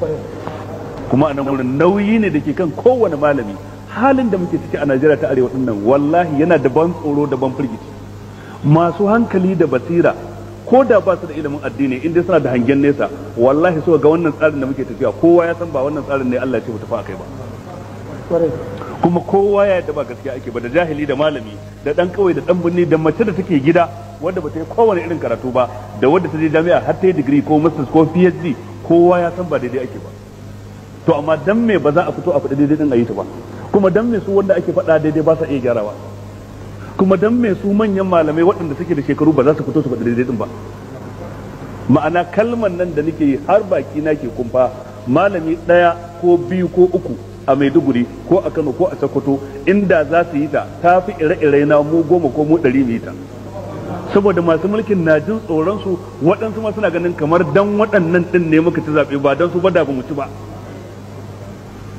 kuma a nan wurin nauyi ne da ke kan kowane malami halin da muke ciki a najeriya ta arewa dinnan wallahi yana da ban tsoro da ban firgici masu hankali da basira ko da ba su da ilimin addini inda suna da hangen nesa wallahi so ga wannan tsarin da muke tafiya kowa ya san ba wannan tsarin ne Allah ya ce mu tafi akai ba kuma kowa ya yadda ba gaskiya ake ba da jahili da malami da dan kawai da dan binni da mace da take gida wadda ba ta yi kowane irin karatu ba da wadda ta je jami'a har ta yi digiri ko masters ko PhD kowa ya san ba daidai ake ba to amma dan me ba za a fito a faɗi daidai din a yi ta ba kuma dan me su wanda ake faɗa daidai ba sa iya gyarawa kuma dan me su manyan malamai waɗanda suke da shekaru ba za su fito su faɗi daidai din ba ma'ana kalman nan da nake yi har baki na ke kumfa malami ɗaya ko biyu ko uku a Maiduguri ko a Kano ko a Sokoto inda za su yi ta tafi ire-ire na mu goma ko mu ɗari mu yi ta. saboda masu mulkin na jin tsoron su waɗansu ma suna ganin kamar dan waɗannan ɗin ne muka ci zaɓe ba don su ba da ba mu ci ba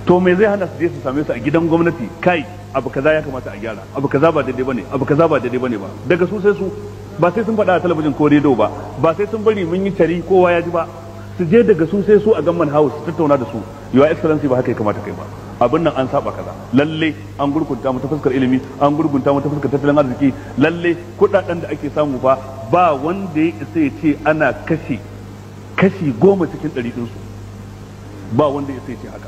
to me zai hana su je su same su a gidan gwamnati kai abu kaza ya kamata a gyara abu kaza ba daidai bane abu kaza ba daidai bane ba daga su sai su ba sai sun faɗa a talabijin ko rediyo ba ba sai sun bari mun yi tari kowa ya ji ba su je daga su sai su a gamman house tattauna da su your excellency ba haka ya kamata kai ba abin nan an saba kaza lalle an gurgunta mu ta fuskar ilimi an gurgunta mu ta fuskar tattalin arziki lalle kudaden da ake samu fa ba wanda ya isa ya ce ana kashe kashi goma cikin ɗari ɗinsu ba wanda ya isa ya ce haka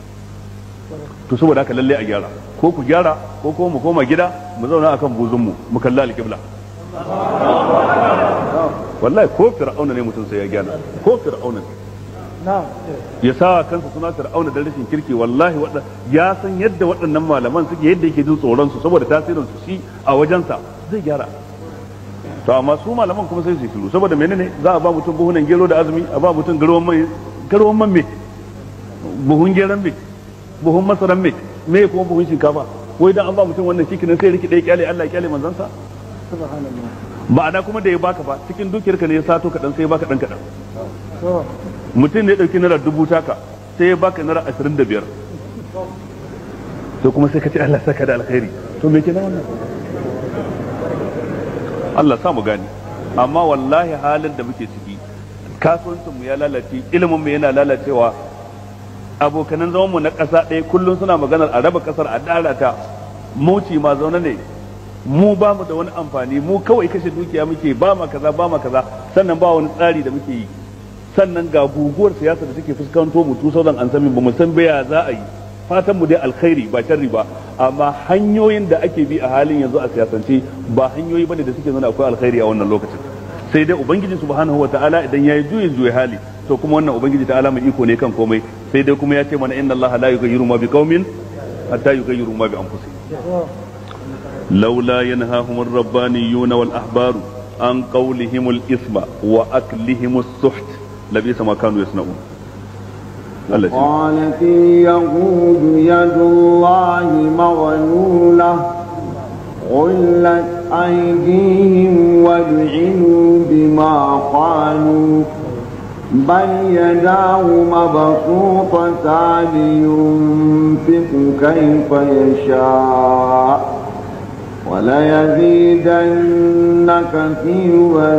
to saboda haka lalle a gyara ko ku gyara ko kuma mu koma gida mu zauna akan buzunmu mu kalla alƙibla wallahi ko fir'auna ne mutum sai ya gyara ko fir'auna ne Eh. ya sa kansa suna fir'auna da rashin kirki wallahi wadda ya san yadda waɗannan malaman suke yadda yake jin tsoron su saboda tasirin su shi a wajensa zai gyara to amma su malaman kuma sai su turu saboda menene za a ba mutum buhunan gero da azumi a ba mutum garwan mai garwan man me buhun geran me buhun masaran me me kuma buhun shinkafa wai dan an ba mutum wannan shikenan sai riki dai kyale Allah kyale manzansa subhanallah ma'ana kuma da ya baka ba cikin dukiyarka ne ya sato kaɗan sai ya baka dan kadan mutum ne ɗauki naira dubu taka sai ya baka naira ashirin da biyar to kuma sai ka ce Allah saka da alkhairi to me na? wannan Allah sa gani amma wallahi halin da muke ciki kasuwancin mu ya lalace ilimin mu yana lalacewa abokanan zaman mu na ƙasa ɗaya kullum suna maganar a raba ƙasar a ɗara ta muci ma zaune ne mu ba mu da wani amfani mu kawai kashe dukiya muke ba ma kaza ba ma kaza sannan ba wani tsari da muke yi sannan ga guguwar siyasa da take fuskanto mu tu sauran an sami ba mu san baya za a yi fatan mu dai alkhairi ba sharri ba amma hanyoyin da ake bi a halin yanzu a siyasance ba hanyoyi bane da suke nuna akwai alkhairi a wannan lokacin sai dai ubangiji subhanahu wataala idan yayi juyin juyi hali to kuma wannan ubangiji ta alama iko ne kan komai sai dai kuma ya ce mana inna allaha la yughayyiru ma biqaumin hatta yughayyiru ma bi anfusihim لولا ينهاهم الربانيون والأحبار عن قولهم الإثم وأكلهم السحت labisa ma kanu yasna'un Allah shi qalat yahud yadullahi maghlula غلت أيديهم ولعنوا بما قالوا بل يداه مبسوطتان ينفق كيف يشاء وليزيدن كثيرا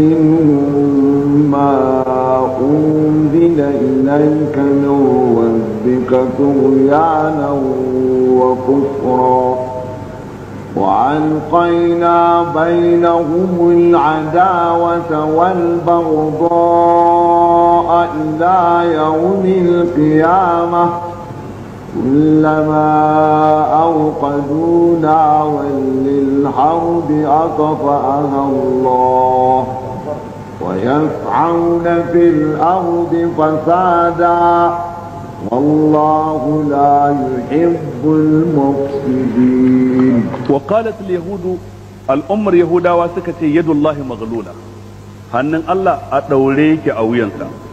منهم ما أنزل إليك من ربك طغيانا وكفرا وألقينا بينهم العداوة والبغضاء إلى يوم القيامة كلما أوقدوا نارا للحرب أطفأها الله ويسعون في الأرض فسادا والله لا يحب المفسدين وقالت اليهود الأمر يهودا وسكت يد الله مغلولة هنن الله أدوريك أو ينسى